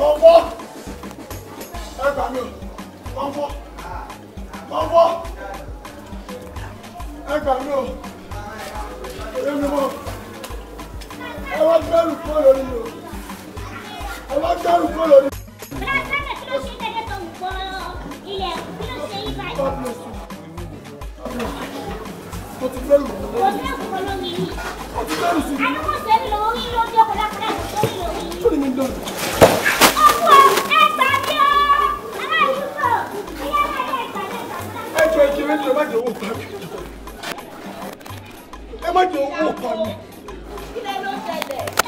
tọwọ́ ẹ gbà mí o tọwọ́ tọwọ́ ẹ gbà mí o èmi mọ ẹ wá gbẹrù kó lórí o ẹ wá gbẹrù kó lórí mi. Mo ti gbẹ́rù. Mo ti gbẹ́rù sí mi. Àdúgbò sẹ́ni lọ́wọ́ yín lójó. ẹ jọ ìjẹrẹ jọ ẹ má jẹ owó pa mi ẹ má jẹ owó pa mi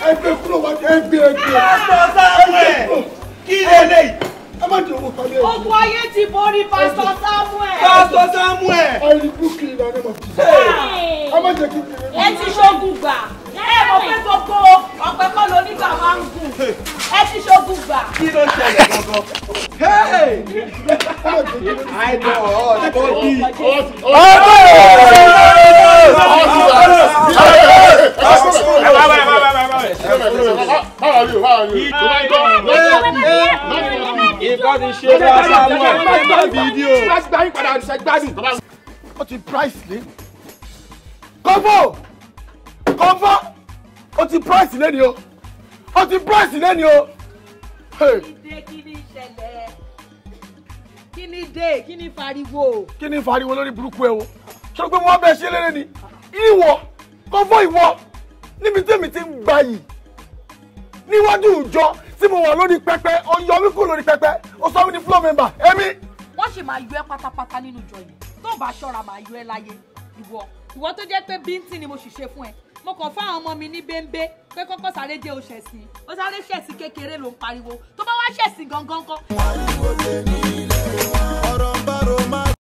ẹ gbé kúrò wá ẹ gbé ẹ gbé ẹ gbé kúrò kí lè ẹ má jẹ owó pa mi. ogun ayé ti borí pásítọ̀ Samuel. pásítọ̀ Samuel. àìríkú kiri náà ní ma ẹ má jẹ kí kiri. ẹ ti ṣogun gbà ẹ mọ̀ pé gbogbo ọ̀pẹ kọ́ lónígbà máa ń gùn ẹ ti ṣogun gbà. kí ló ṣẹlẹ̀ gangan ìkọ́ ti ṣe é wá sáwọn ẹgbẹ́ fídíò. gbáyìí padà àdùsẹ́ gbádùn. ó ti price lé. kọ́fọ́ kọ́fọ́ ó ti price lé ni o ó ti price lé ni o. ìdè kí ni ìṣẹ̀lẹ̀ kí ni dé kí ni fariwo. kí ni fariwo lórí burúkú ẹ o sọ pé wọn bẹ ṣe lérè ni ìwọ kọfọ ìwọ níbi tèmi ti ń gba yìí níwájú ìjọ tí mo wà lórí pẹpẹ ọyọ mi kúrò lórí pẹpẹ ó sọ mí ní floor member èmi. wọ́n sì máa yọ ẹ́ pátápátá nínú ìjọ yìí tó o bá ṣọ́ra máa yọ ẹ́ láyé ìwọ ìwọ tó jẹ́ pé bíntín ni mo sì ṣe fún ẹ mo kàn fáwọn ọmọ mi ní bẹ́ńbẹ́ pé kọ́kọ́ sáré jẹ́ òṣèṣì ó sáré ṣẹ̀sì kékeré ló ń pariwo tó bá wá ṣẹ̀sì gangan kọ́. wọ́n ní wo lè ní ilé wa.